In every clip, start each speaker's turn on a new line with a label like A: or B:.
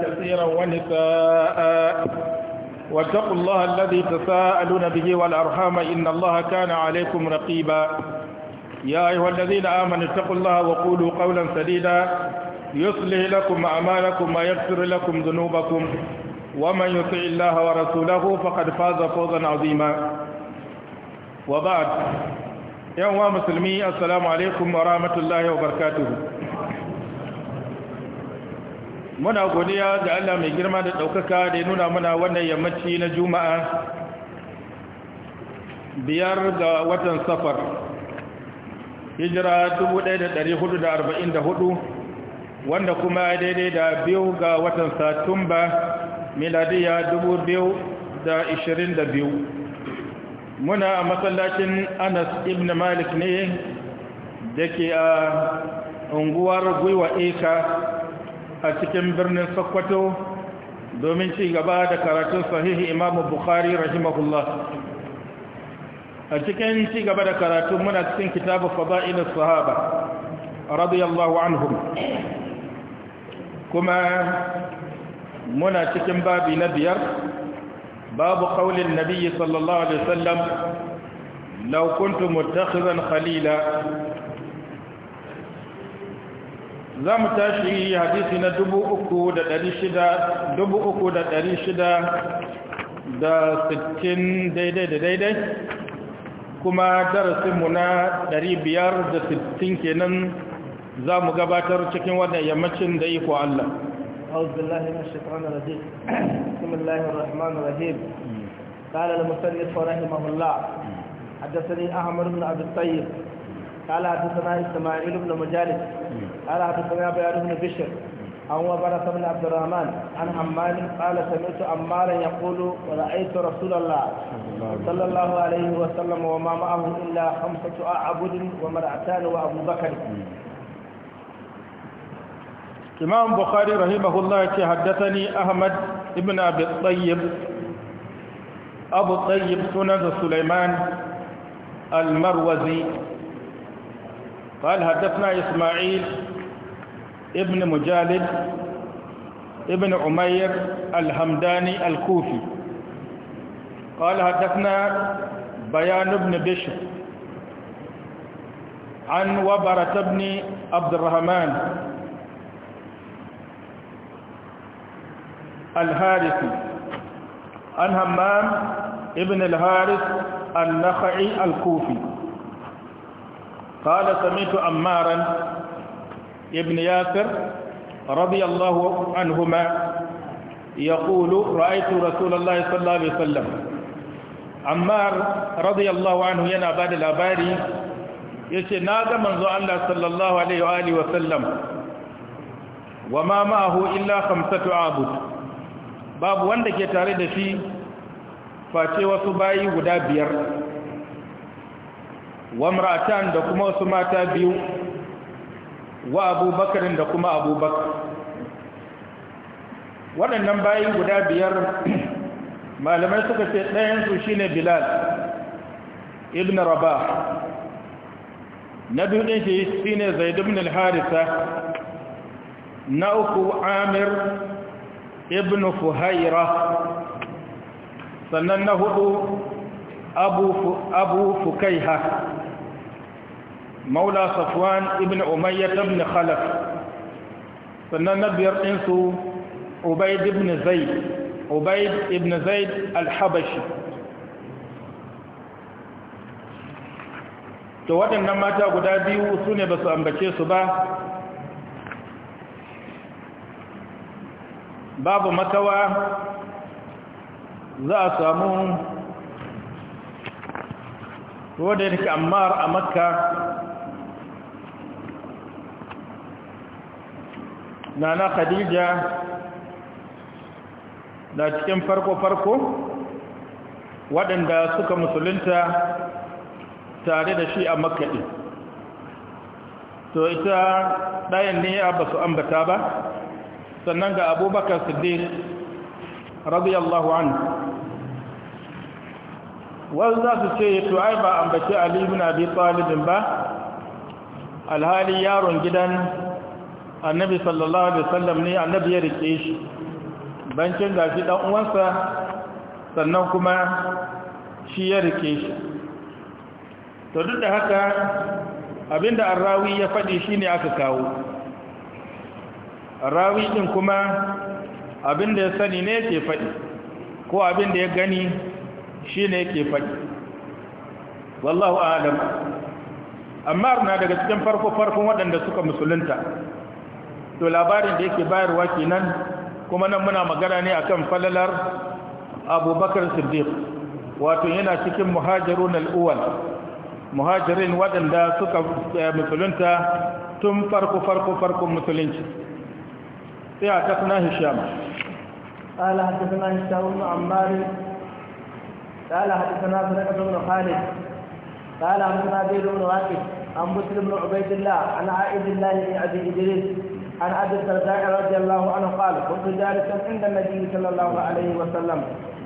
A: كثيرا ونساء واتقوا الله الذي تساءلون به والأرحام إن الله كان عليكم رقيبا يا أيها الذين آمنوا اتقوا الله وقولوا قولا سديدا يصلح لكم أعمالكم ويغفر لكم ذنوبكم ومن يطع الله ورسوله فقد فاز فوزا عظيما وبعد يا مسلمي السلام عليكم ورحمة الله وبركاته muna godiya ga Allah mai girma da ɗaukaka da ya nuna muna wannan yammaci na juma'a biyar ga watan safar hijira 1444 wanda kuma daidai da biyu ga watan satumba miladiya 2022 muna a matsalacin anas ibn malik ne da ke a unguwar gwiwa eka a cikin birnin Sokoto domin ci gaba da karatun sahihi Imam Bukhari rahimahullah a cikin ci gaba da karatun muna cikin kitabu fada'il sahaba radiyallahu anhum kuma muna cikin babi na biyar babu qaulin nabiyyi sallallahu alaihi wasallam law kuntum muttakhizan khalila za mu tashi hadisi na 60 daidai da daidai kuma darasinmu na 560 kenan za mu gabatar cikin wannan yammacin da iko Allah.
B: أعوذ بالله من الشيطان الرجيم بسم الله الرحمن الرحيم قال المصنف رحمه الله حدثني احمد بن عبد الطيب قال حدثنا إسماعيل بن مجالس قال حدثنا بيان بن بشر عن وبرة بن عبد الرحمن عن عمار قال سمعت عمارا يقول ورايت رسول الله صلى الله عليه وسلم وما معه إلا خمسة أعبد ومرعتان وأبو
A: بكر إمام بخاري رحمه الله حدثني أحمد ابن أبي الطيب أبو الطيب سنن سليمان المروزي قال حدثنا إسماعيل ابن مجالد ابن عمير الهمداني الكوفي قال حدثنا بيان بن بشر عن وبرة بن عبد الرحمن الهارثي عن همام ابن الهارث النخعي الكوفي قال سمعت عمارا ابن ياسر رضي الله عنهما يقول رأيت رسول الله صلى الله عليه وسلم عمار رضي الله عنه ينا بعد الأباري يشي ناغا منذ الله صلى الله عليه وآله وسلم وما معه إلا خمسة عابد باب وندك يتارد فيه face wasu bayi guda biyar Wamratan da kuma wasu mata biyu wa abubakarin da kuma abubakar waɗannan bayan guda biyar malamai suka ce ɗayansu shi ne bilal ibn rabah na dudin shi shi ne zaid ibn harisa na uku amir ibn fuhaira sannan na hudu abu fukaiha maula safwan ibn umayyah ibn khalaf sannan na biyar ɗinsu ubaid ibn zaid ubaid ibn zaid al-habashi to waɗannan mata guda biyu su ne ba su ambace su ba babu makawa za a samu to wanda yake ammar a makka nana khadija na cikin farko-farko waɗanda suka musulunta tare da shi a makaɗi to ita ɗayan ne ya basu ambata ba sannan ga abubakar siddiq radiyallahu anhu wani za su ce yato ai ba ambaci ali ibn abi talibin ba alhali yaron gidan annabi sallallahu alaihi wasallam ne annabi ya rike shi bancin gashi dan uwansa sannan kuma shi ya rike shi to duk da haka abinda arrawi ya faɗi shine aka kawo arrawi din kuma abinda ya sani ne ke faɗi ko abinda ya gani shi ne yake faɗi wallahu alam amma na daga cikin farko farkon waɗanda suka musulunta to labarin da yake bayarwa kenan kuma nan muna magana ne akan falalar abubakar siddiq wato yana cikin muhajirun al'uwal muhajirin waɗanda suka eh, musulunta tun farko farko farkon musulunci sai a tasna hisham
B: قال حدثنا هشام بن عمار قال حدثنا سرقة بن خالد قال حدثنا زيد بن واقف عن مسلم بن عبيد الله عن عائد الله بن ابي ادريس عن ابي الدرداء رضي الله عنه قال كنت جالسا عند النبي صلى الله عليه وسلم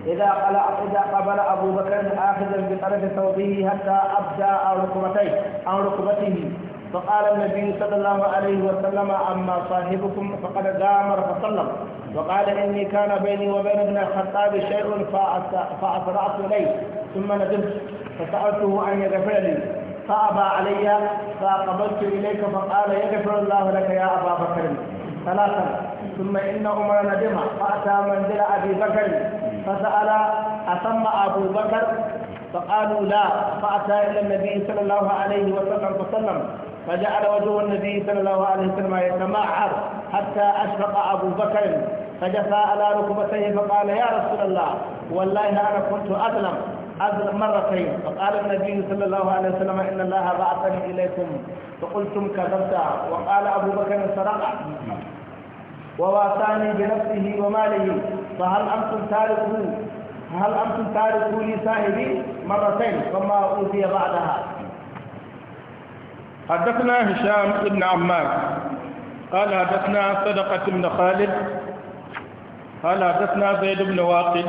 B: إذا قلع إذا قبل أبو بكر آخذا بطرف ثوبه حتى أبدى عن ركبتيه عن ركبته فقال النبي صلى الله عليه وسلم أما صاحبكم فقد غامر فسلم وقال إني كان بيني وبين ابن الخطاب شيء فأسرعت إليه ثم ندمت فسألته أن يغفر لي فأبى علي فأقبلت إليك فقال يغفر الله لك يا أبا بكر ثلاثا ثم إن عمر ندم فأتى منزل أبي بكر فسأل أسمى أبو بكر فقالوا لا فأتى إلى النبي صلى الله عليه وسلم فسلم فجعل وجه النبي صلى الله عليه وسلم يتمعر حتى أشفق أبو بكر فجفى على ركبتيه فقال يا رسول الله والله أنا كنت أظلم أظلم مرتين فقال النبي صلى الله عليه وسلم إن الله بعثني إليكم فقلتم كذبت وقال أبو بكر سرق وواساني بنفسه وماله فهل أنتم تاركوا هل أنتم تاركوا لي صاحبي مرتين فما أوتي بعدها
A: حدثنا هشام بن عمار قال حدثنا صدقة بن خالد قال حدثنا زيد بن واقد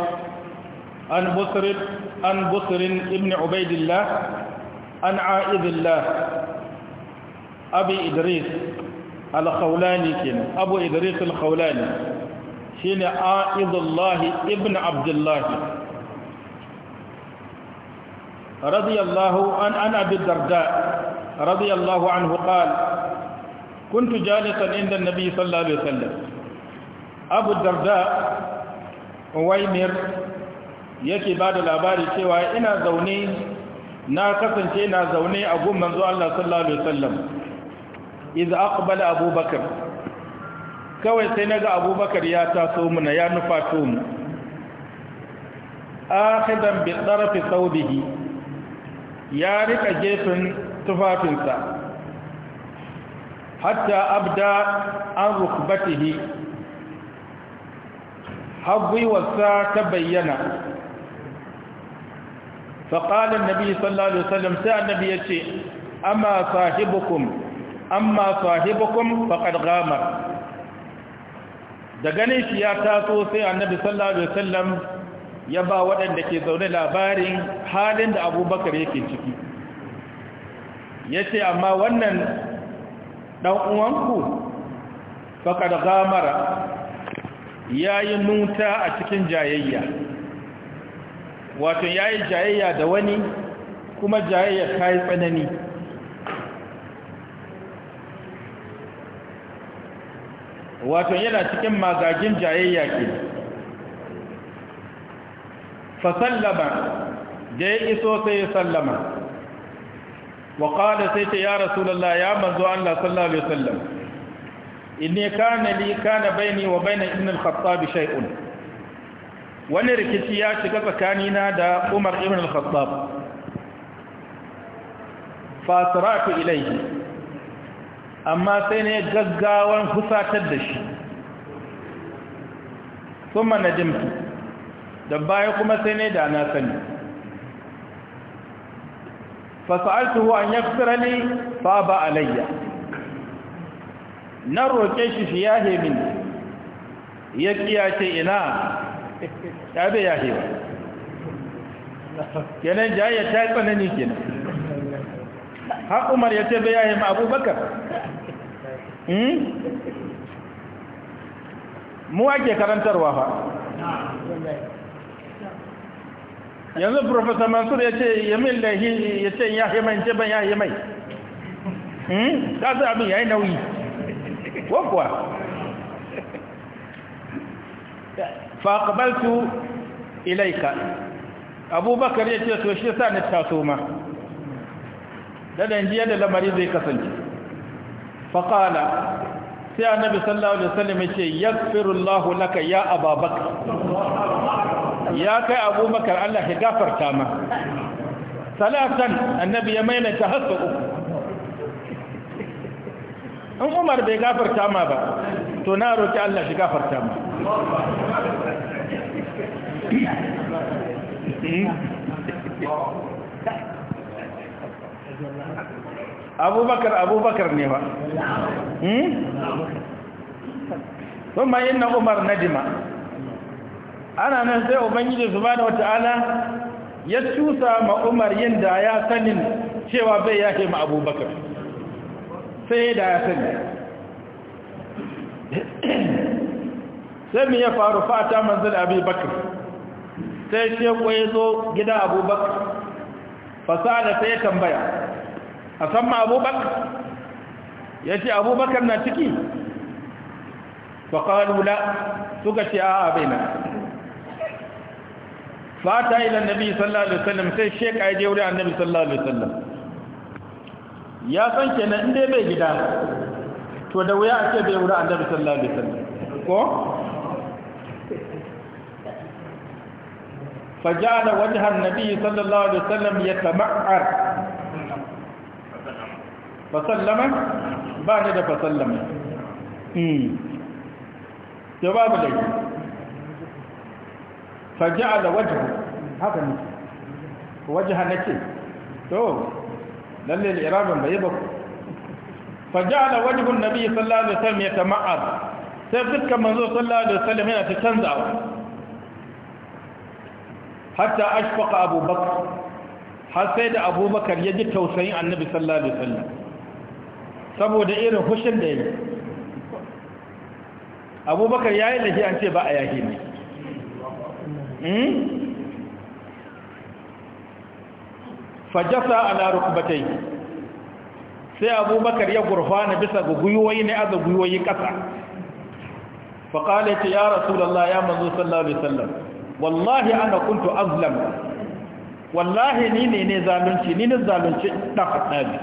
A: عن بصر عن بصر بن عبيد الله عن عائذ الله أبي إدريس الخولاني كنا أبو إدريس الخولاني شين عائذ الله ابن عبد الله رضي الله عن عن أبي الدرداء رضي الله عنه قال كنت جالسا عند النبي صلى الله عليه وسلم أبو الدرداء ويمر yake ba da labari cewa ina zaune na kasance ina zaune a gun manzo Allah sallallahu alaihi wasallam idza aqbala abubakar kawai sai naga abubakar ya taso muna ya nufato mu akhidan bi tarfi saudihi ya rika gefen tufafinsa hatta abda an rukbatihi wasa ta bayyana faƙalin nabi sallallahu alaihi wasallam sai annabi ya ce amma sahibukum amma sahibukum faqad ghamar da ganin shi ya taso sai annabi sallallahu alaihi ya ba waɗanda ke zaune labarin halin da abubakar yake ciki ya ce amma wannan ɗan'uwanku da gamara ya yi nuta a cikin jayayya wato ya yi jayayya da wani kuma jayayya ta yi tsanani wato yana cikin magagin jayayya ke fasallama da ya iso sai ya sallama wa sai ta ya rasulallah ya manzo Allah sallallahu alaihi wasallam inni kana li kana baini wa baina ibn al-khattab shay'un wani rikici ya shiga tsakanina da Umar ibn al-khattab fa saratu ilayhi amma sai ne gaggawan husatar da shi sun manajimtu da baya kuma sai ne da na sani fasa'altuhu an yaksira li fa ba alayya na roke shi shi yahe min ya kiya ce ina ya bai ya ba kenan jayya ta tsanani kenan har umar ya ce bai yahe ma abubakar mu ake karantarwa fa yanzu Profesa mansur ya ce yamin da ya ce ya yi mai ce ban ya yi mai ɗasa hmm? abin ya yi nauyi wakuwa faƙabaltu ilaika
C: abubakar ya ce soshe sa ni taso ma
A: daɗin jiya da lamari zai kasance faƙala sai annabi sallallahu alaihi wasallam ya ce yaghfirullahu laka ya ababakar ya kai abubakar Allah ya gafarta ma
C: salatan annabi ya maimaita hasu uku
A: in umar bai gafarta ma ba to na roƙi Allah ya gafarta ma abubakar abubakar ne ba ثم إن عمر ندم ana nan sai ubangiji subhanahu wata'ala ya cusa ma Umar yin da ya sanin cewa bai yafe ma Abubakar sai da ya sani sai mu ya faru fata manzil Abubakar sai ce ya zo gidan Abubakar fasada sai ya tambaya a san ma Abubakar ya ce Abubakar na ciki la suka ce a abinai fata ila nabi sallallahu alaihi wasallam sai sheka ya je wurin annabi sallallahu alaihi wasallam ya san kenan in dai bai gida to da wuya a ce bai wurin annabi sallallahu alaihi wasallam ko
C: فجعل وجه النبي صلى الله عليه وسلم يتمعر فسلم
A: بعد فسلم امم جواب dai faja'ala wajhu haka nake hana nake to lalle al-iraban bai ba ku? faja'ala wajhu an-nabi sallallahu alaihi wasallam yatama'ad sai fuskar manzo sallallahu alaihi wasallam yana ta canzawa hatta ashfaqa abubakar har sai da abubakar ya ji tausayin annabi sallallahu alaihi wasallam saboda irin hushin da ya yake abubakar yayi lahi an ce ba a yahi ne Hmm? fajasa ala rukbatai sai abubakar ya gurfana bisa ga gwiwoyi ne aza gwiwoyi ƙasa faƙalai ce ya rasulallah ya manzo sallallahu alaihi sallam wallahi ana kuntu azlam wallahi ni ne ne zalunci ni ne zalunci ɗafaɗabi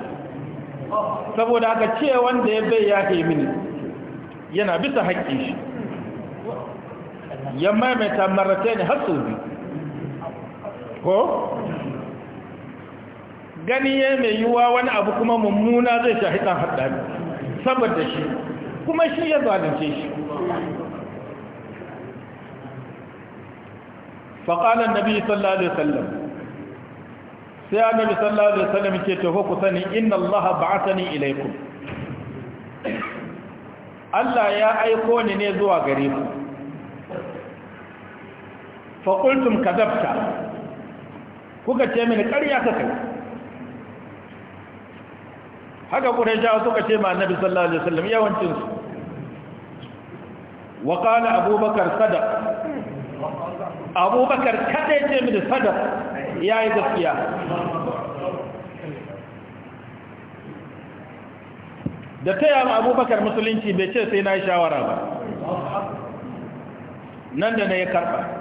A: saboda aka ce wanda ya bai ya mini yana bisa haƙƙi shi ya maimaita marata ne har sau ko gani ya mai yiwuwa wani abu kuma mummuna zai shahi ɗan haɗari saboda shi kuma shi ya zalunce shi faƙalar nabi sallallahu alaihi wasallam sai annabi sallallahu alaihi wasallam ke taho ku sani inna allaha ba'athani ilaykum Allah ya aiko ni ne zuwa gare ku faƙultum kazabta kuka ce mini ƙarya ka kai haka wasu suka ce ma annabi sallallahu alaihi wasallam yawancinsu wa kana abubakar sadar
C: abubakar kaɗai ce mini sadar ya yi gaskiya
A: da ta yawa abubakar musulunci bai ce sai na yi shawara ba nan da na ya karɓa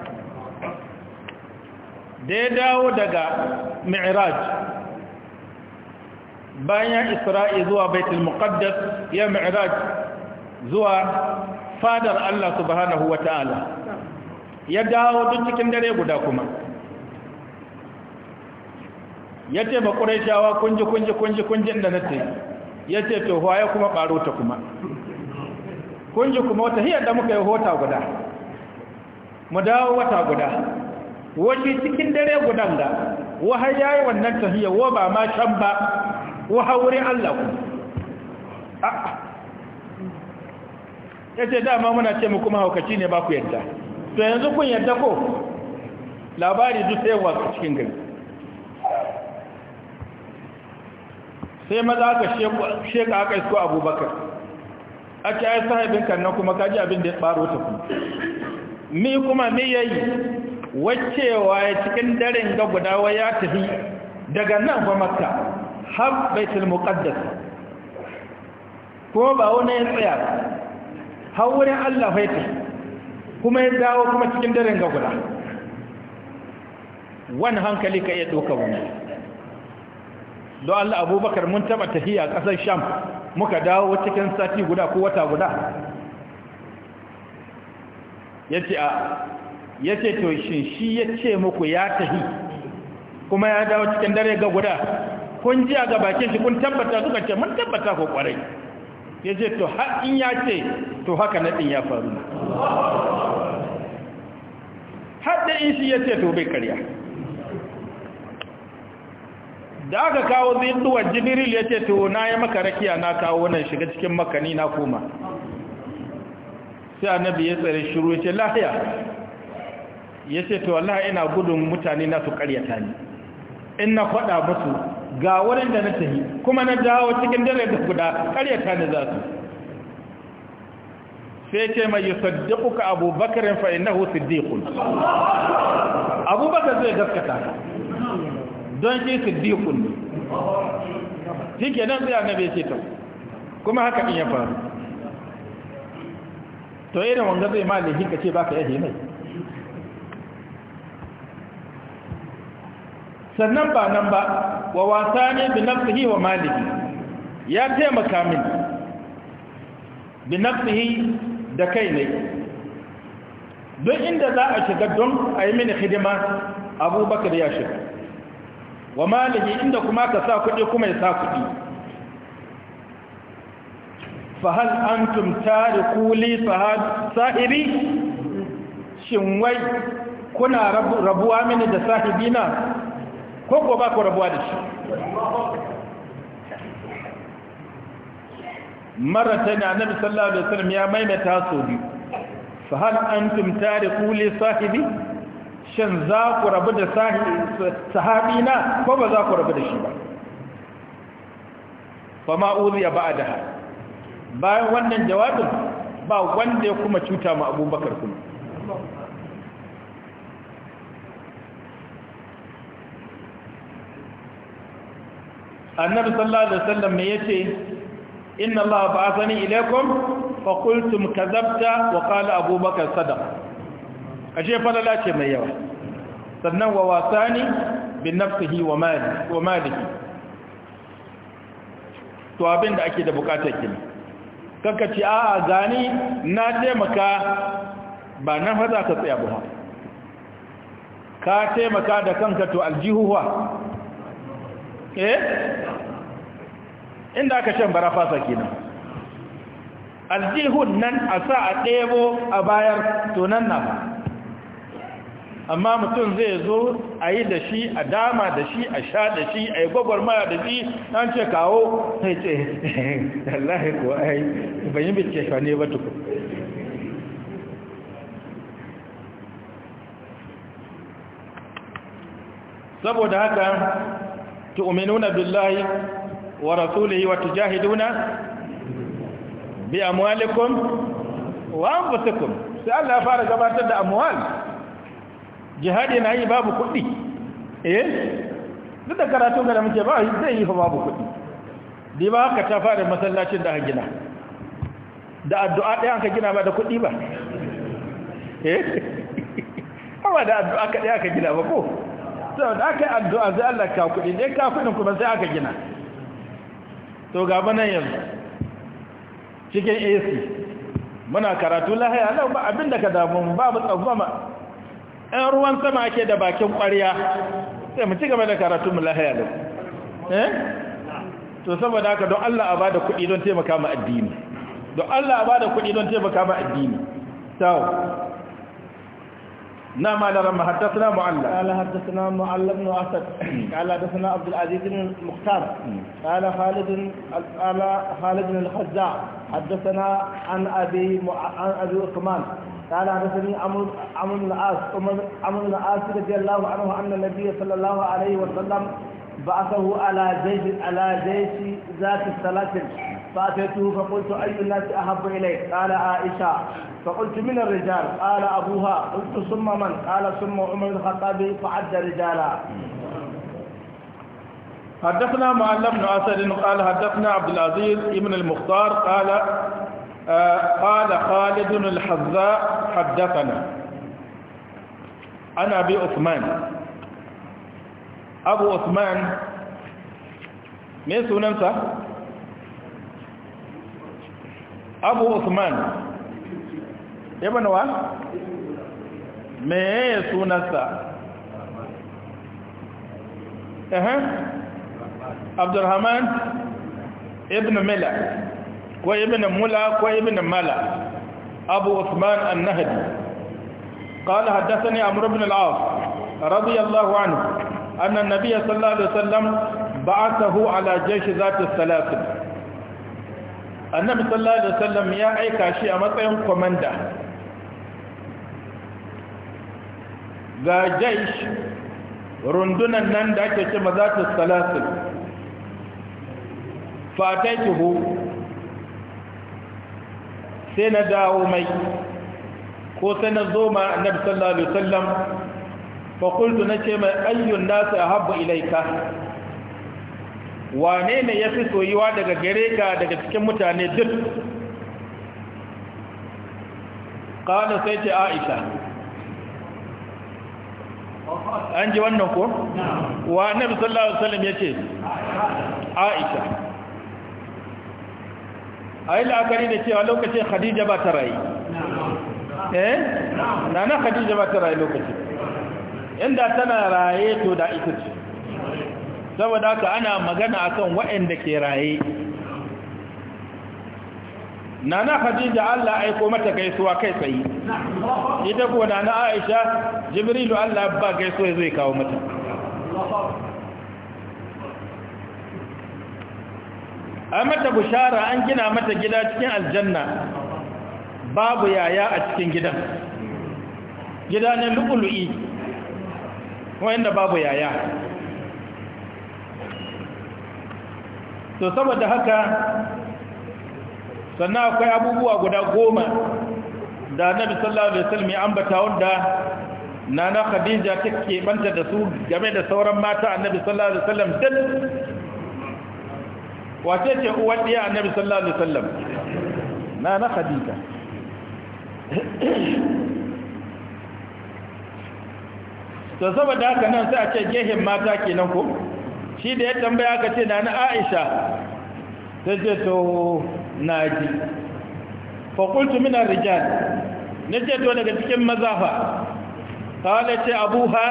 A: da ya dawo daga mi'raj bayan isra'i zuwa baitul muqaddas ya mi'raj zuwa fadar Allah subhanahu ta'ala ya dawo duk cikin dare guda kuma ya ce ba ƙuraishawa kunji kunji kunji kunji da na ce ya ce to waye kuma ɓaro ta kuma kunji kuma wata hiyar da muka yi hota guda mu dawo wata guda wani cikin dare gudan da wahar ya yi wannan tafiya wa ba ma can ba waha wurin Allah ku ya ce dama muna ce mu kuma haukaci ne ba ku yadda to yanzu kun yadda ko labari duk sai wasu cikin gari sai maza ka sheka aka isko abubakar ake ai sahibin kan nan kuma kaji abin da ya faro ta kuma ni kuma ni yayi wacewa ya cikin daren ga gudawa ya tafi daga nan ba makka har baitul muqaddas ko ba wani ya tsaya har wurin Allah faiti kuma ya dawo kuma cikin daren ga guda wani hankali ka iya doka wani don Allah abubakar mun taba tafiya ƙasar sham muka dawo cikin sati guda ko wata guda ya a ya ce to shin shi ya ce muku ya tahi kuma ya dawo cikin dare ga guda kun ji a gabakin shi kun tabbata suka ce mun tabbata ko kwarai ya ce to har in ya ce to haka naɗin ya faru har da in shi ya ce to bai karya da aka kawo zinduwa jibril ya ce to na yi maka rakiya na kawo nan shiga cikin makani na koma sai annabi ya tsare shiru ya ce lahiya ya ce to Allah ina gudun mutane na su karyata ni in na faɗa musu ga wurin da na tafi kuma na dawo cikin dare da guda karyata ni za su sai ce mai yusaddiquka abubakarin fa innahu siddiqun
C: bakar zai gaskata
A: don shi siddiqun ne shike nan sai annabi ya ce to kuma haka in ya faru to irin wanga zai mali kace ce baka yaje mai sannan ba nan ba wa wasa ne bi nafsihi wa malihi ya taimaka min bi nafsihi da kai ne don inda za a shiga don a yi mini hidima abubakar ya shiga wa malihi inda kuma ka sa kuɗi kuma ya sa kuɗi fahal an tumta kuli sahibi shin wai kuna rabuwa mini da sahibina ko ko ba ku rabuwa da shi marata ne annabi sallallahu alaihi wasallam ya maimaita so biyu fa hal antum tariqu li sahibi shin za ku rabu da sahabi na ko ba za ku rabu da shi ba fa ma ya ba'daha bayan wannan jawabin ba wanda ya kuma cuta ma abubakar kuma annabi sallallahu alaihi wasallam me yace inna allaha ba'athani ilaykum fa qultum kadhabta wa qala abubakar sadaq ashe falala ce mai yawa sannan wa wasani bi nafsihi wa mali wa malihi to abin da ake da bukatar kina kanka ce a'a gani na taimaka ba nan fa ka tsaya ba ka taimaka da kanka to aljihuwa eh inda aka shan barafasa kenan aljihun nan a sa a ɗebo a bayar tunan na amma mutum zai zo a yi da shi a dama da shi a sha da shi a yi gwagwarmaya da shi an ce kawo sai ce ko ai bice shane ba tukun saboda haka tu'minuna billahi wa rasulihi wa tujahiduna bi amwalikum wa anfusikum sai Allah ya fara gabatar da amwal jihadi na yi babu kuɗi eh duk da karatu ga da muke ba zai yi babu kuɗi dai ta fara masallacin da gina da addu'a ɗaya aka gina ba da kuɗi ba da addu'a ka gina ba ko sau da aka yi addu'a zai Allah ka kuɗi ne ka kuɗin kuma sai aka gina to gaba nan yanzu cikin ac muna karatu lahaya nan ba abin da ka damu babu tsawama ɗan ruwan sama ake da bakin ƙwariya sai mu ci gaba da karatu mu lahaya nan eh to saboda haka don Allah a ba da kuɗi don taimaka ma addini don Allah a ba da kuɗi don taimaka ma addini sau نعم على رمى حدثنا معلى قال حدثنا معلى بن أسد قال
B: حدثنا عبد العزيز بن المختار قال خالد قال خالد بن الخزاع حدثنا عن أبي عن أبي عثمان قال حدثني عمرو عمرو بن العاص عمرو بن العاص رضي الله عنه أن النبي صلى الله عليه وسلم بعثه على جيش على جيش ذات السلاسل فأتيته فقلت أي الناس أحب إليك قال عائشة فقلت من الرجال قال أبوها قلت ثم من قال ثم عمر بن الخطاب فعد رجالا
A: حدثنا معلم بن أسد قال حدثنا عبد العزيز ابن المختار قال آه قال خالد الحذاء حدثنا عن أبي عثمان أبو عثمان من سننسى abu usman ibn wa meye sunansa ehem abdurrahman ibn mila ko ibn mula ko ibn mala abu usman an-nahdi قال حدثني عمرو بن العاص رضي الله عنه أن النبي صلى الله عليه وسلم بعثه على جيش ذات السلاسل annabi sallallahu alaihi wasallam ya aika shi a matsayin komanda ga jaish rundunan nan da ake ce maza ta salasin fatai tuhu sai na dawo mai ko sai na zo ma annabi sallallahu alaihi wasallam fa qultu nace mai ayyun nasu ahabbu ilaika. wane ne ya fi soyuwa daga gare ka daga cikin mutane duk ƙada sai ce aisha an ji wannan ko? wa annabi sallallahu alaihi wasallam ya ce aisha a yi la'akari da cewa lokacin khadija ba ta rayu
C: eh? na na khadija ba ta rayu lokacin
A: inda tana raye to da ita ce saboda haka ana magana akan waɗanda ke raye nana khadija Allah aiko mata gaisuwa kai tsaye ita ko nana aisha jibrilu Allah ba gaisuwa zai kawo mata an mata bushara an gina mata gida cikin aljanna babu yaya a cikin gidan gida ne lu'ulu'i wanda babu yaya to saboda haka sannan akwai abubuwa guda goma da annabi sallallahu alaihi wasallam ya ambata wanda nana khadija take banta da su game da sauran mata annabi sallallahu alaihi wasallam duk wace ce uwar diya annabi sallallahu alaihi wasallam nana khadija to saboda haka nan sai a ce gehen mata kenan ko shi da ya tambaya ka ce na na aisha ta ce to na ji faƙultu mina rijal na ce to daga cikin mazafa ta wane ce abu ha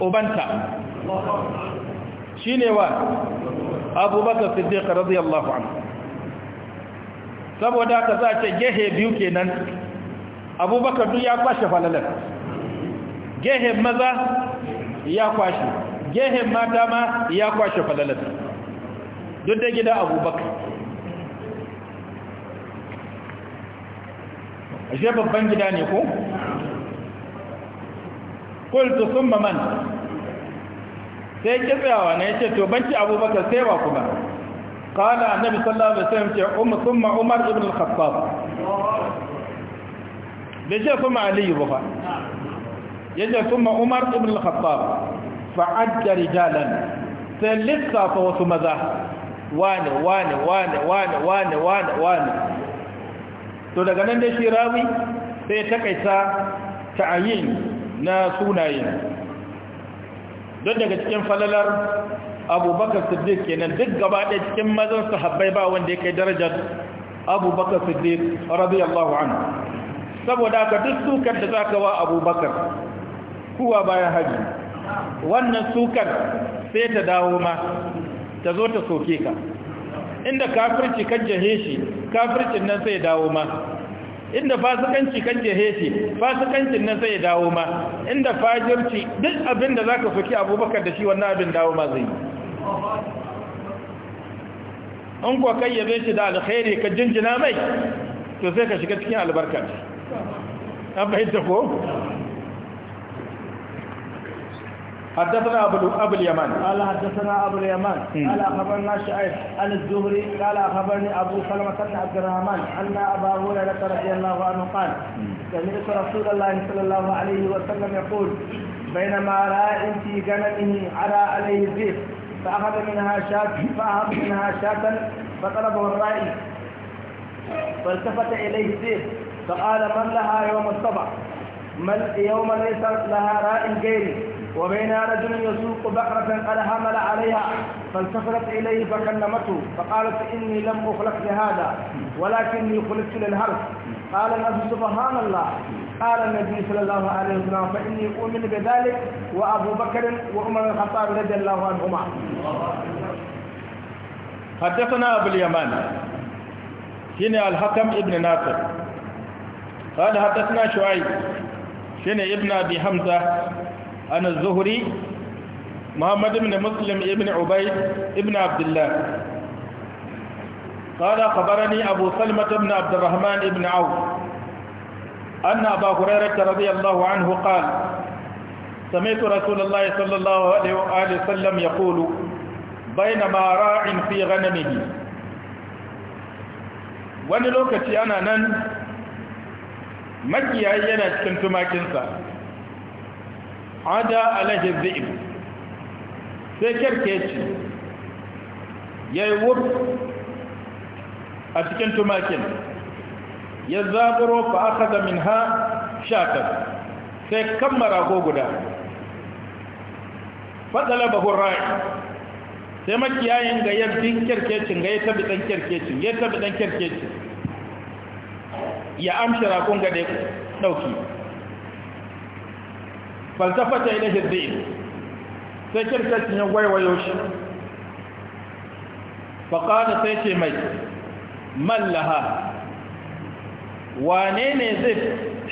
A: ubanta shi ne wa abubakar siddiq radiyallahu anhu saboda ka za ce gehe biyu kenan abubakar duk ya kwashe falalar gehe maza ya kwashe gehen mata ma ya kwashe falalata duk da gida abubakar ashe babban gida ne ko? kultu sun man sai kitsawa na ya ce to banci abubakar sai ba kuma قال النبي صلى الله عليه وسلم أم ثم عمر ابن الخطاب بجاء ثم علي بها يجاء ثم عمر ابن الخطاب fa'adda rijalan sai lissafa wasu maza wane wane wane wane wane wane wane to daga nan da shi rawi sai takaita ta'ayin na sunayen don daga cikin falalar abubakar siddiq kenan duk gaba ɗaya cikin mazan sahabbai ba wanda ya kai darajar abubakar siddiq radiyallahu anhu saboda ka duk sukar da zaka wa abubakar kuwa bayan haji wannan sukar sai ta dawo ma ta zo ta soke ka inda kafirci kan jahe shi kafircin nan sai dawo ma inda fasikanci kan jahe shi fasikancin nan sai dawo ma inda fajirci duk abin da za ka soke abubakar da shi wannan abin dawo ma zai An kuwa kai yabe shi da alkhairi ka jinjina mai to sai ka shiga cikin albarkar an fahimta ko حدثنا أبو, أبو اليمان قال
B: حدثنا أبو اليمان قال أخبرنا شعيب عن الزهري قال أخبرني أبو سلمة بن عبد الرحمن أن أبا هريرة رضي الله عنه قال سمعت رسول الله صلى الله عليه وسلم يقول بينما راى في غنمه على عليه الزيت فأخذ منها شاة فأخذ منها شاة فطلبه الرائي فالتفت إليه الزيت فقال من لها يوم الصبح من يوم ليس لها راء غيري وبين رجل يسوق بقرة قد حمل عليها فالتفت إليه فكلمته فقالت إني لم أخلق لهذا ولكني خلقت للهرس قال النبي سبحان الله قال النبي صلى الله عليه وسلم فإني أؤمن بذلك وأبو بكر وعمر الخطاب رضي الله
A: عنهما حدثنا أبو اليمان هنا الحكم ابن ناصر قال حدثنا شعيب هنا ابن أبي حمزة عن الزهري محمد بن مسلم ابن عبيد ابن عبد الله قال خبرني أبو سلمة بن عبد الرحمن بن عوف أن أبا هريرة رضي الله عنه قال سمعت رسول الله صلى الله عليه وآله وسلم يقول بينما راع في غنمه wani lokaci ana nan makiyayi yana cikin tumakinsa ada alaihi dhi'b sai kerkeci yayi wuf a cikin tumakin ya zaburo fa akhadha minha shatar sai kammara go guda fadala bahu ra'i sai makiyayin ga yabdin kerkecin ga ya tabi dan kerkecin ya tabi dan kerkecin
C: ya amshi rakon ga dauki
A: falsafata ila hirdin sai kirkacin ya waiwayo shi faƙada sai ce mai mallaha wane ne zai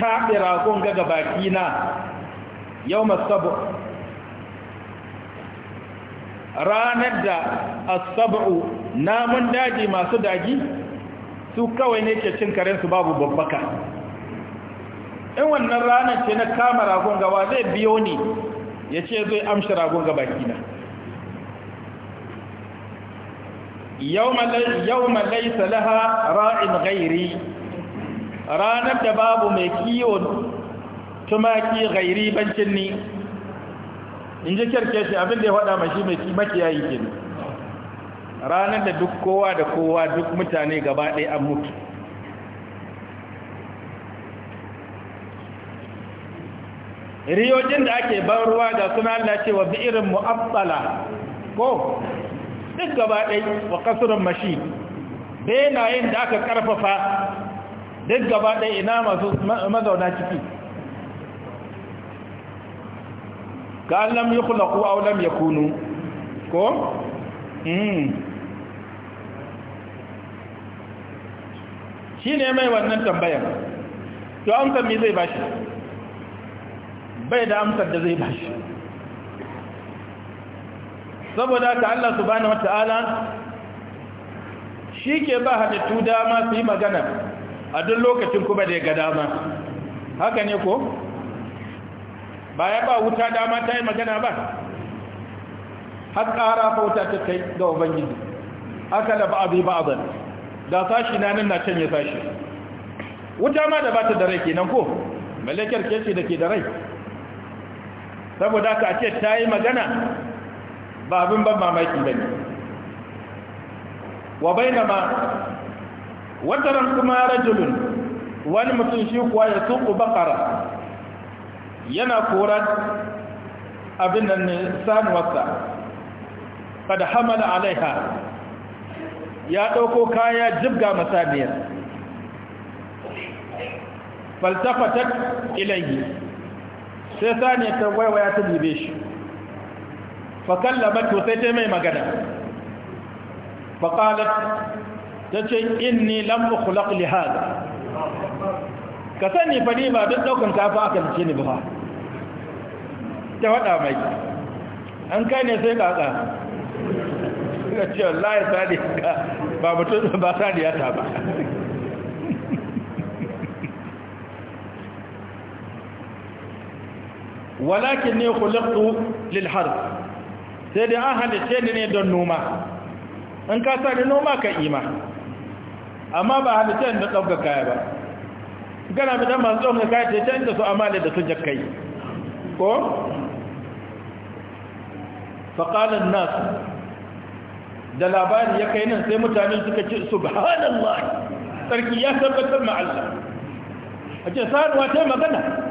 A: taɓi ragon gaga baki na yau sabu. ranar da asabu namun daji masu daji, su kawai ne ke cin karensu babu babbaka in wannan ranar ce na kama ragon gaba zai biyo ni ya ce zai amshi ragon gaba kina yau malai salaha ra'in gairi ranar da babu mai kiyo tumaki gairi bancin ni in ji kyarke shi abinda ya faɗa mashi mai makiyayi ke ranar da duk kowa da kowa duk mutane gaba ɗaya an mutu riyojin da ake ban ruwa ga suna Allah ce wa bi'irin mu'abbala ko duk gaba ɗai wa kasurin mashi benayen da aka ƙarfafa duk gaba ɗai ina masu mazauna ciki ga an lam yi kula a lam ya kunu ko? Hmm. shi ne mai wannan tambayan to an kan mi zai bashi bai da amsar da zai bashi saboda ka Allah subhanahu wata'ala shi ke ba halittu dama su yi magana a duk lokacin kuma da ya ga dama haka ne ko ba ya ba wuta dama ta yi magana ba har ƙara fa wuta ta kai ga ubangiji aka da ba'abi ba'adan da sashi na nan na can ya sashi wuta ma da ba ta da rai kenan ko mallakar ke da ke da rai saboda ka ce ta yi magana ba abin ban mamaki ba ne wa wata wataran kuma rajulun wani mutum shi kuwa ya tuku bakara yana kora abin nan ne sanuwarsa kada hamala alaiha ya ɗauko kaya jibga masaniyar falsafatar ilayi sai sani ta waiwaya ta dube shi fakalla mato sai ta mai magana faƙalat ta ce inni lam ukhlaq li hada ka sani fa ni ba duk daukan kafa aka dace ni ba ta wada mai an kai ne sai kaka ka ce wallahi sadiya ba mutum ba sadiya ta ba walakin ne kulaktu lil harb sai dai an halitta ni ne don noma in ka sa ni noma ka ima amma ba halitta ni da ɗauka kaya ba gana bidan masu ɗauka kaya ce ta inda su amali da su jakkai ko faƙalin nasu da labari ya kai nan sai mutane suka ce ma. sarki ya tabbatar ma Allah a ce sanuwa ta magana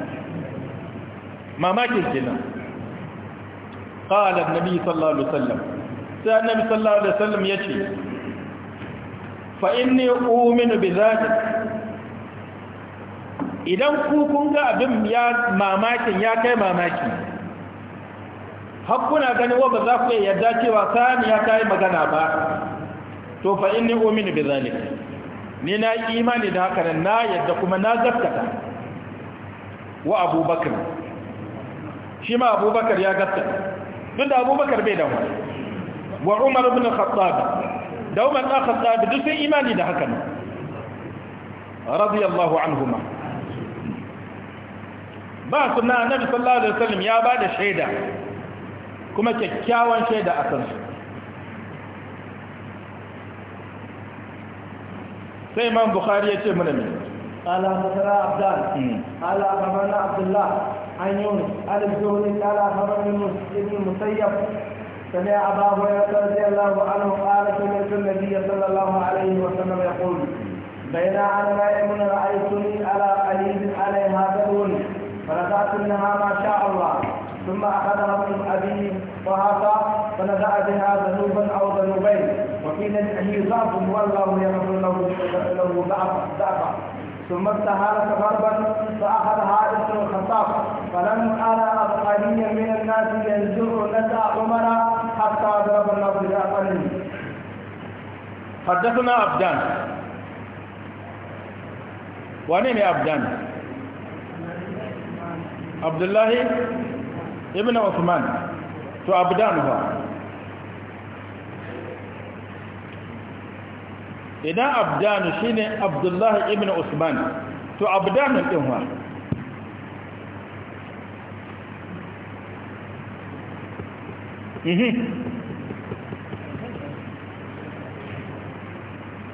A: mamakin kina qala annabi sallallahu alaihi wasallam sai annabi sallallahu alaihi wasallam yace fa inni u'minu bi zalik idan ku kun ga abin ya mamakin ya kai mamaki hakuna gani wa ba za ku yarda cewa sani ya kai magana ba to fa inni u'minu bi zalik ni na imani da hakan na yadda kuma na zakkata wa abubakar shi ma abubakar ya gaskata duk da abubakar bai damu wa umar ibn khattab da umar ibn khattab duk sun imani da haka ne radiyallahu anhuma ba sunna annabi sallallahu alaihi wasallam ya ba da shaida kuma kyakkyawan shaida a kansu sai imam bukhari ya ce mana ne
B: ala fatara abdan hmm. ala kamana abdullah عن يونس عن الزهري قال اخبرني ابن المسيب سمع ابا هريره رضي الله عنه قال سمعت النبي صلى الله عليه وسلم يقول بين انا نائم رايتني على قليل عليها بدون فنزعت منها ما شاء الله ثم اخذها ابن ابي وهذا فنزع بها ذنوبا او ذنوبين وقيل هي ضعف والله يغفر له ضعف ضعف ثم استهارت غربا فأخذها ابن الخطاب فلم أرى أفغانيا من الناس ينزع نزع عمر حتى ضرب الله بأقله
A: حدثنا عبدان ونمي عبدان عبد الله ابن عثمان تو عبدان هو idan abdanu
B: shine abdullahi ibn usman to abdanu din
A: wa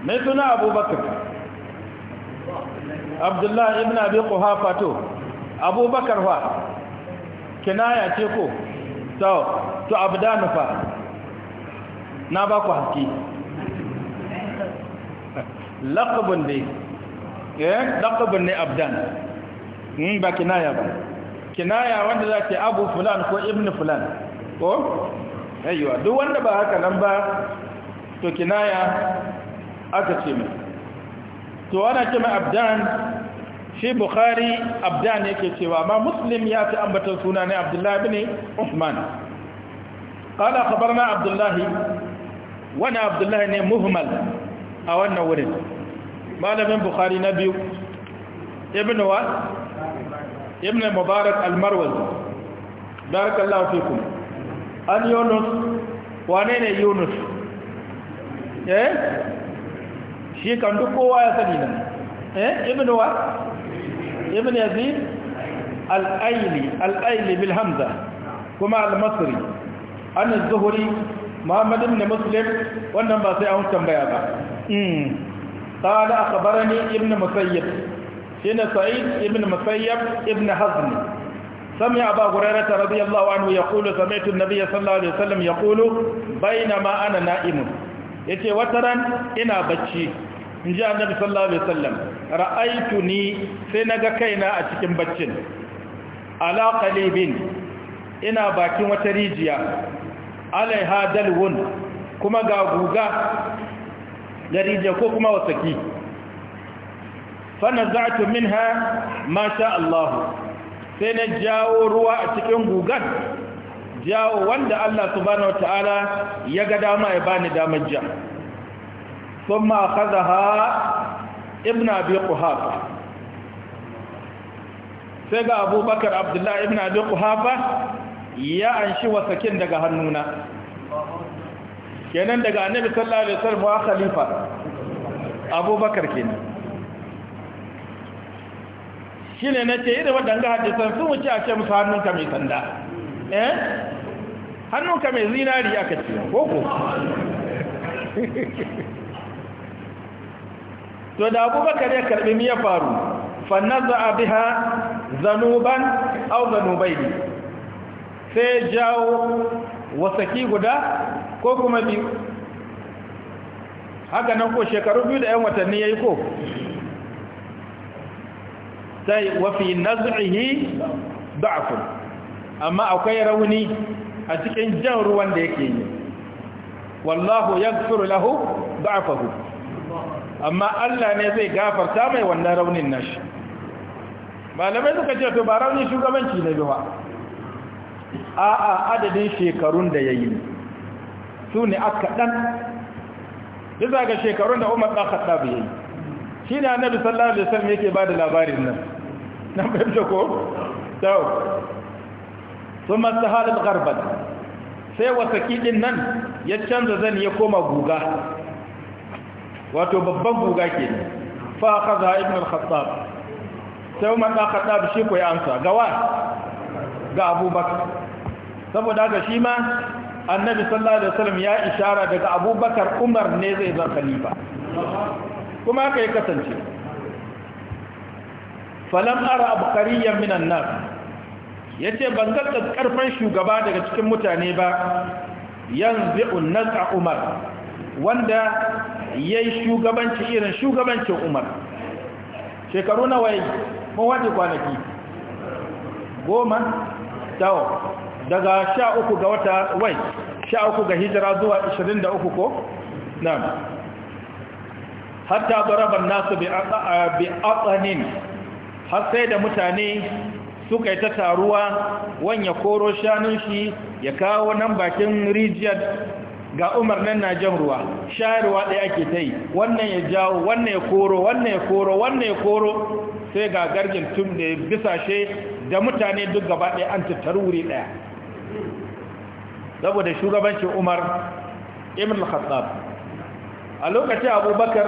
A: mai mhm. suna abubakar abdullahi ibn abi kuhafa to abubakar wa kinaya ce ko to abdanu fa na ba ku haske Lakabin dai eh ne abdan in hmm, ba kinaya ba kinaya wanda za ta abu fulan ko ibnu fulan ko aiwa duk wanda ba haka nan ba to kinaya aka ce mai to wana ce mai abdan shi bukhari abdan yake cewa ma muslim ya fi ambatar suna ne abdullahi bin usman qala na abdullahi wani abdullahi ne muhmal a wannan wurin malamin bukhari na biyu ibn wa ibn mubarak al-marwazi barakallahu fikum an yunus wane ne yunus eh shi kan duk kowa ya sani nan eh ibn wa ibn yazid al-aili al-aili bil hamza kuma al-masri an az-zuhri muhammad ibn muslim wannan ba sai an tambaya ba hmm. قال أخبرني ابن Sa'id Ibn سعيد Ibn مسيب ابن حزم سمع أبا هريرة رضي الله عنه يقول سمعت النبي صلى الله عليه وسلم يقول بينما أنا نائم يتي وترا إنا بتشي in ji annabi sallallahu alaihi wasallam ra'aitu ni sai naga kaina a cikin baccin ala qalibin ina bakin wata rijiya alaiha dalwun kuma ga guga darija ko kuma wasaki fana fanazatu minha ma sha Allah sai na jawo ruwa a cikin gugan jawo wanda Allah subhanahu Ta'ala ya ga dama ya bani damar ja kaza akhadha ibn abi quhafa sai ga abubakar abdullahi ibn abi quhafa ya anshi wasakin daga hannuna kenan daga annabi sallallahu alaihi wasallam wa khalifa abubakar kenan shine nace irin wadanga hadisan sun wuce a ce musu hannunka mai sanda eh hannunka mai zinari aka ce ko? to da abubakar ya karbi mi ya faru nazaa biha zanuban aw zanubaini sai jawo wasaki guda ko kuma biyu haka nan ko shekaru biyu da 'yan watanni ya yi ko sai wafi nazi'ihi da'afun amma akwai rauni a cikin jan ruwan da yake yi wallahu yaghfiru lahu ba'afahu. amma Allah ne zai gafarta mai wannan raunin nashi malamai suka ce to ba rauni shugabanci ne ba a'a adadin shekarun da yayi ne su ne aka ɗan bisa ga shekarun da umar ɗan haɗa biyu shi ne annabi sallallahu alaihi wasallam yake ba da labarin nan nan fahimta ko? tau sun masu halin garban sai wasaki ɗin nan ya canza zan ya koma guga wato babban guga ke ne fa kaza ibn al-khattab sai umar ɗan haɗa shi ko ya amsa gawa ga abubakar saboda ga shi ma annabi sallallahu alaihi wasallam ya ishara daga abubakar umar ne zai zan khalifa kuma haka yi kasance falam ara abqariyan minan nas yace ban ga karfan shugaba daga cikin mutane ba yan yanzu a umar wanda yayi shugabanci irin shugabancin umar shekaru nawa yi mun kwanaki goma tawo daga sha uku ga wata wai sha uku ga hijira zuwa ishirin da uku ko nan hatta baraban nasu bi atsanin har sai da mutane suka yi ta taruwa wanya koro shanun shi ya kawo nan bakin rijiyar ga Umar nan na jan ruwa shayarwa ɗaya ake ta yi wannan ya jawo wannan ya koro wannan ya koro wannan ya koro sai ga gargin tum da bisashe da mutane duk gaba ɗaya an tattaru wuri ɗaya saboda shugabancin umar ibn al-khattab a lokacin abubakar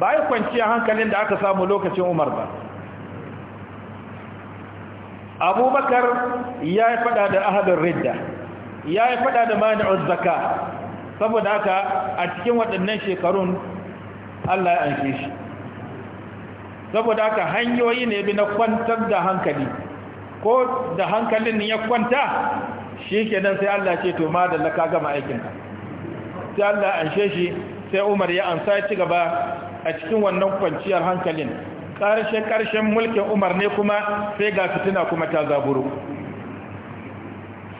A: ba yi kwanciya hankalin da aka samu lokacin umar ba abubakar ya yi fada da ahadin ridda ya yi fada da mani'ar zaka saboda haka a cikin waɗannan shekarun allah ya anshe shi saboda haka hanyoyi ne bi na kwantar da hankali ko da hankalin ya kwanta shi kenan sai Allah ce to ma da laka gama aikinka sai Allah anshe shi sai Umar ya ansa ya ci gaba a cikin wannan kwanciyar hankalin ƙarshen mulkin Umar ne kuma sai ga fitina kuma ta zaburo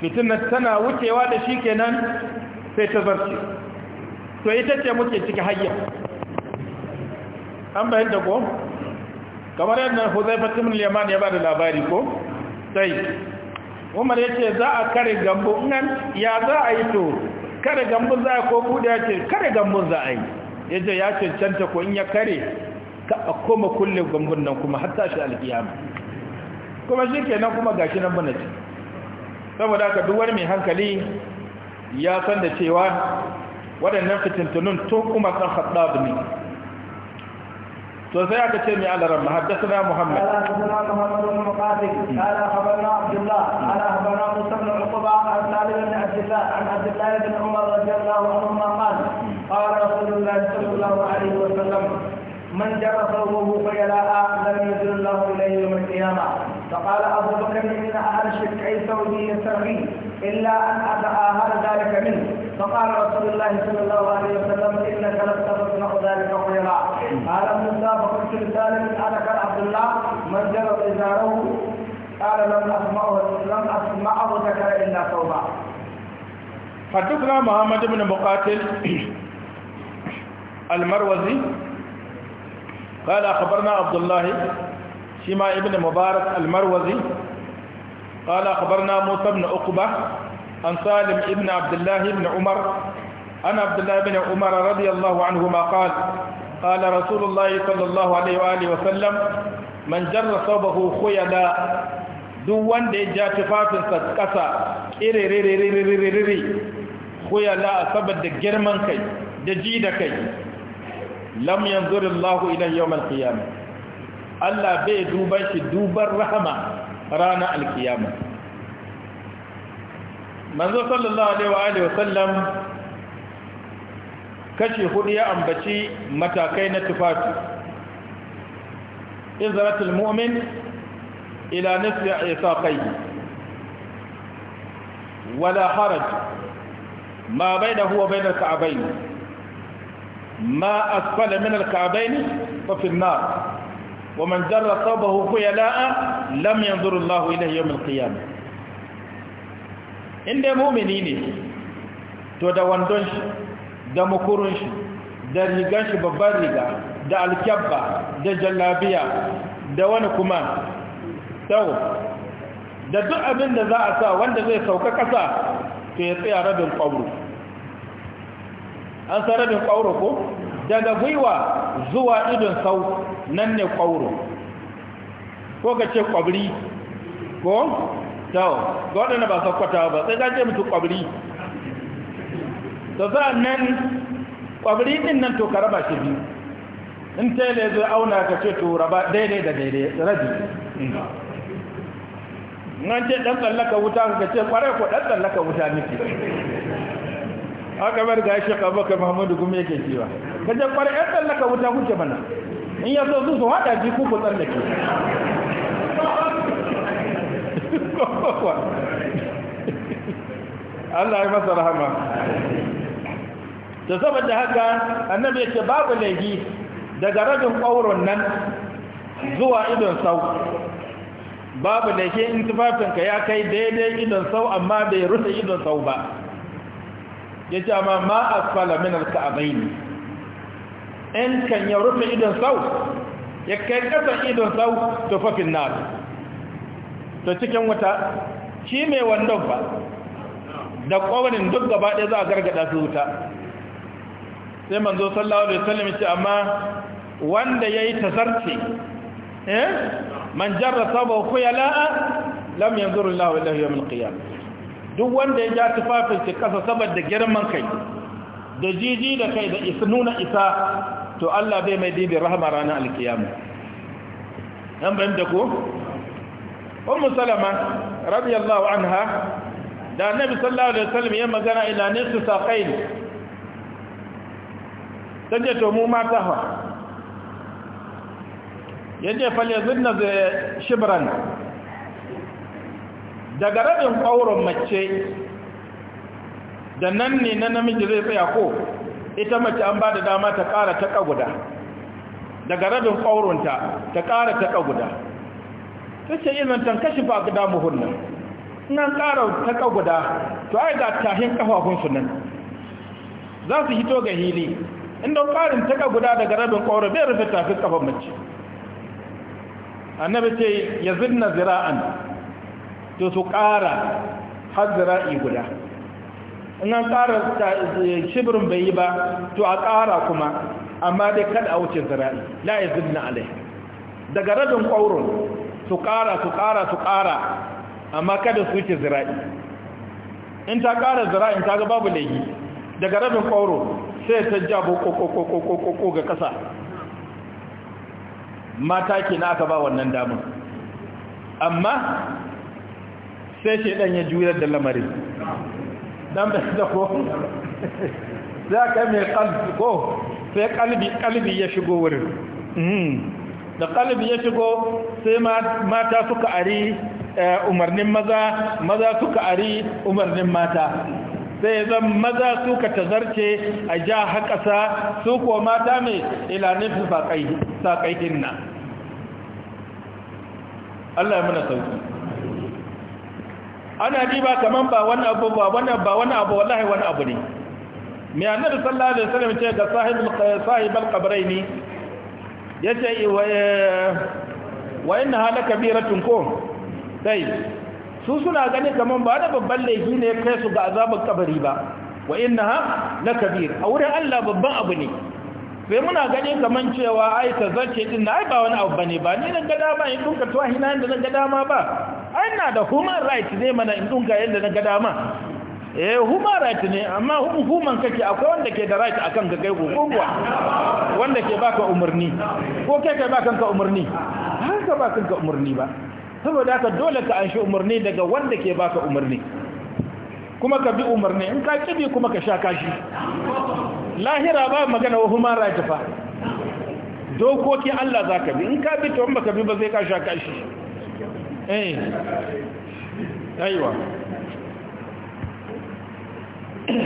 A: fitina tana wucewa da shi kenan sai ta zarce to ita ce muke ciki hanyar an bayan da ko kamar yadda huzaifat ibn al-yaman ya bada labari ko sai umar ya ce za a kare gambo nan ya za a yi to kare Gambo za a ko buɗe ya ce kare Gambo za a yi ya ce ya cancanta ko in ya kare ka a koma kulle gambun nan kuma hatta shi alkiyama kuma shi ke nan kuma gashi nan muna ce saboda haka duk wani mai hankali ya san da cewa waɗannan fitintunun tun kuma ɗan haɗa ne فسيأتى الترمي على رمى حدثنا محمد قال
B: حدثنا محمد بن مقاتل قال أخبرنا عبد الله قال أخبرنا موسى بن عقبة عن سالم بن عبد الله عن عبد الله بن عمر رضي الله عنهما قال قال رسول الله صلى الله عليه وسلم من جر ثوبه فيلاء لم يزل الله إليه يوم القيامة فقال أبو بكر من أهل شكعي ثوبه يسترغي إلا أن أتآهل ذلك منه فقال رسول الله صلى الله عليه وسلم انك لم تسمع ذلك خيرا قال موسى فقلت لسالم انا كان عبد الله من جرب ازاره قال لم اسمعه لم اسمعه ذكر الا توبه
A: حدثنا محمد بن مقاتل المروزي قال أخبرنا عبد الله شما ابن مبارك المروزي قال أخبرنا موسى بن عقبة عن سالم ابن عبد الله بن عمر عن عبد الله بن عمر رضي الله عنهما قال قال رسول الله صلى الله عليه وآله وسلم من جر صوبه خيلا duk wanda ya ja tufafinsa ƙasa ƙiririririririri khuyala a saboda girman kai da ji da kai lam yanzurin lahu ilan yau malkiyama Allah bai duban shi duban rahama ranar alkiyama manzo sallallahu alaihi wa alihi sallam kashi hudu ya ambaci matakai na tufafi izratul mu'min ila nisfi isaqai wala haraj ma bainahu wa bainal ka'bayn ma asfala min al-ka'bayn fa fi an-nar wa man jarra thawbahu khuyala'a lam yanzur Allahu ilayhi yawm al-qiyamah in dai mumini ne to da wandon shi da mukurun shi da rigar shi babban riga da alkyabba da jallabiya da wani kuma sau da duk abin da za a sa wanda zai sauka kasa, to ya tsaya rabin ƙwauro an sa rabin kwauro ko daga gwiwa zuwa idon sau nan ne ƙwauro ko ka ce ƙwabri ko tawo ga waɗanda ba sakwatawa ba sai gaje mutu ƙwabri da za nan ƙwabri ɗin nan to ka raba shi biyu in tele zai auna ka ce to raba daidai da daidai rabi nan ce ɗan tsallaka wuta ka ce ƙware ko ɗan tsallaka wuta miki aka bar gashi ka baka muhammadu kuma yake cewa ka ce ƙware ɗan tsallaka wuta kuke mana in yaso su su haɗa ji ku ku tsallake Allah ya masa rahama da saboda haka annabi yake babu laifi daga rajin ƙauron nan zuwa idon sau babu laifi in tufafinka ya kai daidai idon sau amma bai rufe idon sau ba ya ce amma ma asfala min alka'abaini in kan ya rufe idon sau ya kai ƙasar idon sau tufafin nasu to cikin wuta shi mai wandon ba da kowanin duk gaba ɗaya za a gargada su wuta sai manzo sallallahu alaihi wasallam ce amma wanda yayi tasarci eh man jarra saba khuyala lam yanzuru Allahu ila yawm al-qiyam duk wanda ya ja tufafin shi kasa saboda girman kai da jiji da kai da isnuna isa to Allah bai mai dibi rahama ranar alkiyama qiyam nan ban da ko ummu salama radiyallahu anha da annabi sallallahu alaihi wasallam ya magana ila nisu saqain sanje to mu mata ha yaje falyazunna shibran daga rabin ƙauron mace da nan ne na namiji zai tsaya ko ita mace an ba da dama ta ƙara ta ƙaguda daga rabin ƙauronta ta ƙara ta ƙaguda ta ce izan tankashi ba guda muhunna nan ƙara ta guda, to ai ga tahin ƙafafunsu nan za su hito ga hili inda ƙarin ta guda daga rabin ƙoro bai rufe tafi ƙafan mace annabi ce ya zinna zira'an to su ƙara har zira'i guda in an ƙara shibirin bai yi ba to a ƙara kuma amma dai kada a wuce zira'i la ya zinna alai daga rabin ƙoron su ƙara su ƙara su ƙara amma kada su wuce zira'i in ta ƙara zira'in ta ga babu laifi daga rabin ƙoro sai ta jabo ƙoƙoƙoƙoƙo ga ƙasa mata ke na aka ba wannan damar amma sai ɗan ya juyar da lamarin dan da da ko za ka mai ƙalbi ko sai ƙalbi ya shigo wurin hmm. da kalibi ya shigo sai mata suka ari eh, umarnin maza maza suka ari umarnin mata sai zan maza suka tazarce a ja haƙasa su kuwa mata mai ilanin su saƙaiƙin na Allah ya muna sauki ana riba kaman ba wani abu ba wani ba wani abu wallahi wani abu ne mai annabi sallallahu alaihi wasallam ce ga sahibul sahibul ya ce eh, wayan eh, na halaka biratun ko sai su suna gani kamar ba da babban laifi ne kai su ga azabar kabari ba wayan na na kabir a wurin allah babban abu ne sai muna gani kamar cewa ai ta zace din na ai ba wani abu bane ba ni nan ga dama in dunka tuwa hina yadda na ga dama ba ai na da human right ne mana in dunka yanda na ga dama eh human right ne amma hukuman kake akwai wanda ke da right akan ka kai gugurwa wanda ke baka umarni ko kai kai baka kanka umarni ka ba kanka umarni ba saboda haka dole ka anshi umarni daga wanda ke baka umarni kuma ka bi umarni in ka kibi kuma ka sha kashi lahira ba magana wa human right fa dokokin Allah za ka bi in ka bi to in ka bi ba zai ka sha kashi eh aiwa to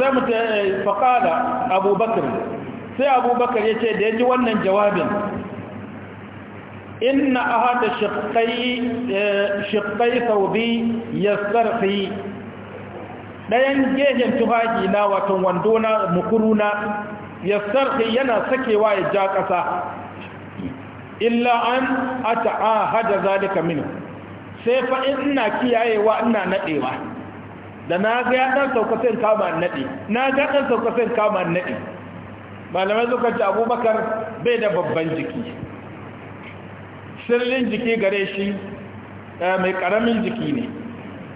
A: sai mutu eh, faƙada abubakar sai abubakar ya ce da ya ji wannan jawabin inna ahada shiƙai eh, saubi ya sarfi ɗayan gehen tufafi na watan wandona mukuruna ya sarfi yana sakewa ya ja ƙasa illa an a hada zalika minu sai fa ina kiyayewa ina naɗewa da na ga ya ɗan sauka sai kama annabi na ga ɗan sauka sai kama annabi malamai suka ce abubakar bai da babban jiki sirrin jiki gare shi mai karamin jiki ne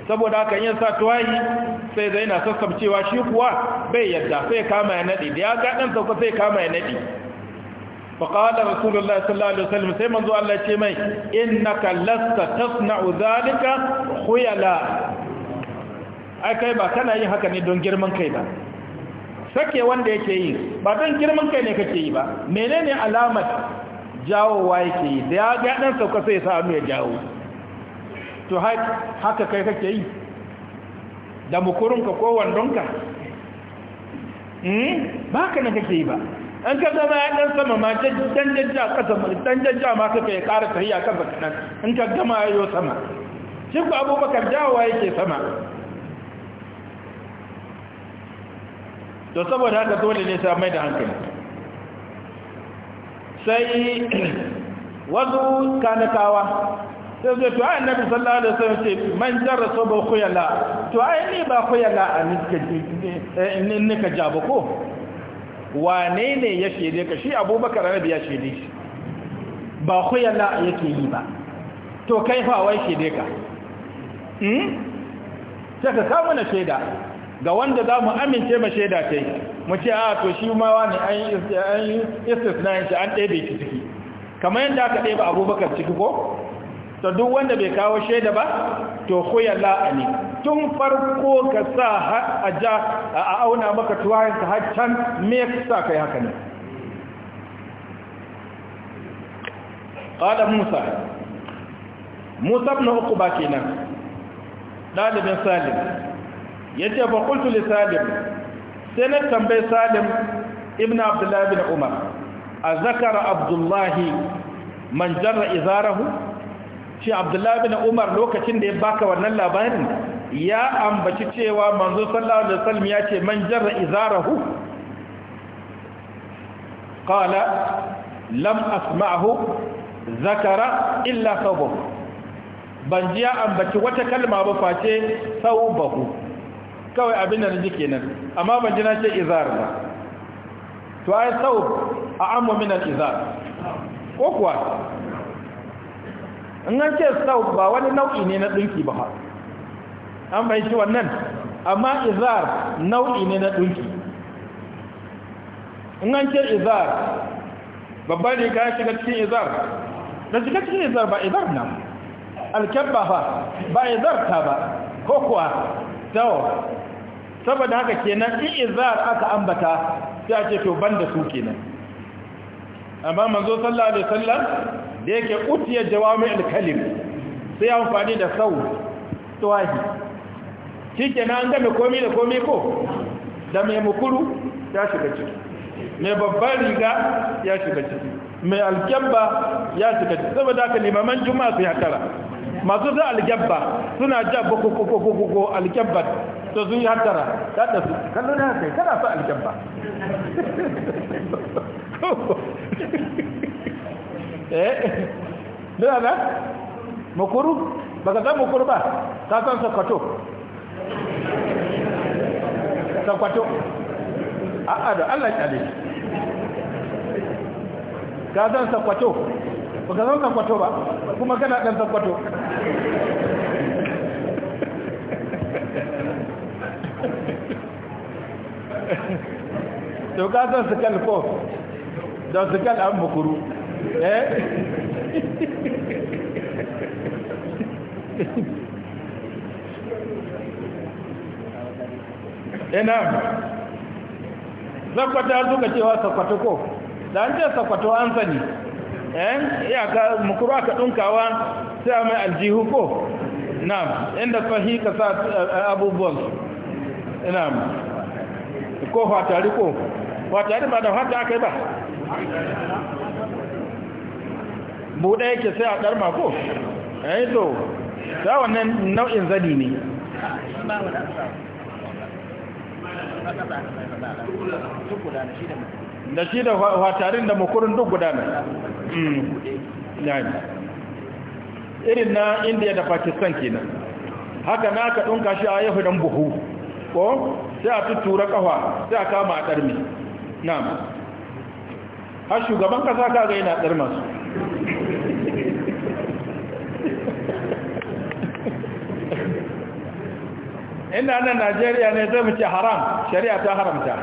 A: saboda haka yin sa tuwayi sai zai na sassabcewa shi kuwa bai yadda sai kama ya naɗi da ya ga ɗan sauka sai kama ya naɗi faƙaɗa rasulullah sallallahu alaihi wasallam sai manzo Allah ce mai innaka lasta tasna'u zalika khuyala ai kai ba kana yin haka ne don girman kai ba sake wanda yake yi ba don girman kai ne kake yi ba menene alamar jawowa yake yi da ya ga dan sauka sai ya sa hannu ya jawo to haka kai kake yi da mukurunka ko wandonka hmm? ba ka na kake yi ba an ka zama ya ɗan sama ma dan jajja ƙasa dan jajja ma kake ya ƙara kan ƙasa dan in ka gama ya sama shi ku abubakar jawowa yake sama to saboda haka dole ne sa mai da hankali sai wasu kanakawa sai zai to ayin nabi sallallahu alaihi wasallam ce man jarra so ba to ayin ni ba kuyala a nika eh, ja jabo ko wane ne ya shede ka shi abubakar rabi ya shede shi ba khuyala yake yi ba to kai fa wai shede ka hmm sai ka samu na sheda ga wanda za mu amince ma shaida ta yi mu ce a ah, to shi ma wani an yi na yanke an ɗebe ki ciki kamar yadda aka ɗebe abubakar ciki ko to duk wanda bai kawo shaida ba to khuyala la'ani tun farko ka sa a ja a auna maka tuwayen ka haccan can me sa kai haka ne qala musa musa na ba ke kenan dalibin salim yace fa qultu li salim sai na tambayi salim ibn abdullah ibn umar a zakara abdullahi man jarra izarahu shi abdullah ibn umar lokacin da ya baka wannan labarin ya ambaci cewa manzo sallallahu alaihi wasallam ya ce man jarra izarahu qala lam asma'hu zakara illa thawbahu ban ji ya ambaci wata kalma ba face thawbahu kawai abin da na ji kenan amma ban ji na ce izar ba to ai sau a amma minan izar ko kuwa in an ce sau ba wani nau'i ne na dinki ba an bai ci wannan amma izar nau'i ne na dinki in an ce izar babban riga ya shiga cikin izar da shiga cikin izar ba izar na alkyabba ba ba izar ta ba ko kuwa tawo saboda haka kenan in, i'izar aka ambata sai a ce to banda su kenan amma manzo sallallahu alaihi wasallam da yake utiya al kalim sai amfani da sau tawahi shikenan an game komai da komai ko da mai mukuru ya shiga ciki mai babban riga ya shiga ciki mai jabba ya shiga ciki saboda haka limaman juma'a su ya kara masu sa alkyabba suna jabba kokokokoko alkyabba to sun yi hattara ta da su kallo da kai kana sa aljabba eh da na makuru baka san makuru ba ka san sakwato sakwato a'a da Allah ya ne ka san sakwato baka san sakwato ba kuma kana dan sakwato to ka san sikal ko da sikal an bukuru eh ina eh, zakwata suka cewa sakwato ko da an ce sakwato an sani eh ka mukuru aka dunkawa sai a mai aljihu ko na inda sahi ka sa eh, abubuwan Ina. Eh, ko fatari ko fatari ba da fata aka yi ba buɗe yake sai a ɗarma ko ya eh, to za wannan nau'in zadi ne da shi da fatarin da makurin duk gudana hmm, irin na indiya da pakistan kenan haka na aka ɗunka shi a yahudan buhu ko sai a tuttura kafa sai a kama a ɗarmi Na. har shugaban kasa kaga yana ɗarma su ina nan najeriya ne zai mace haram shari'a ta haramta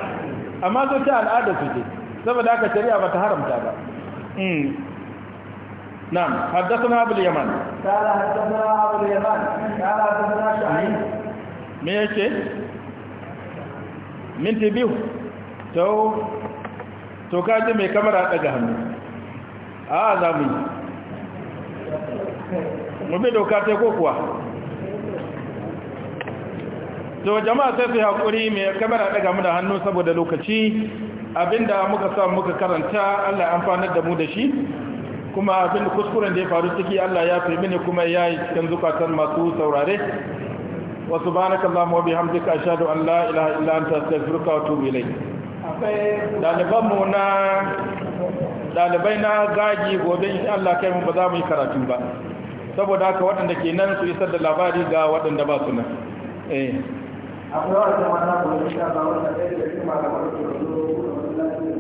A: amma zai ta al'ada su ce saboda haka shari'a ba ta haramta ba نعم حدثنا ابو اليمن
B: قال حدثنا ابو اليمن قال حدثنا شعيب
A: ميشي minti biyu to kaji mai kamara daga hannu a za mu yi mafi doka ta ko kuwa to jama'a sai su haƙuri mai kamara daga mu da hannu saboda lokaci abinda muka sa muka karanta allah amfanar da mu da shi kuma abin kuskuren da ya faru ciki allah ya fi mini kuma ya yi cikin zukatan masu saurare wa subhanaka allahumma wa bihamdika ashhadu an la ilaha illa anta astaghfiruka wa atubu ilayk daliban mu na dalibai na zagi gobe in Allah kai mu ba za mu yi karatu ba saboda haka waɗanda ke nan su isar da labari ga waɗanda ba su nan eh
B: akwai wata mata
C: kuma insha Allah wanda ɗaya da cikin malaman da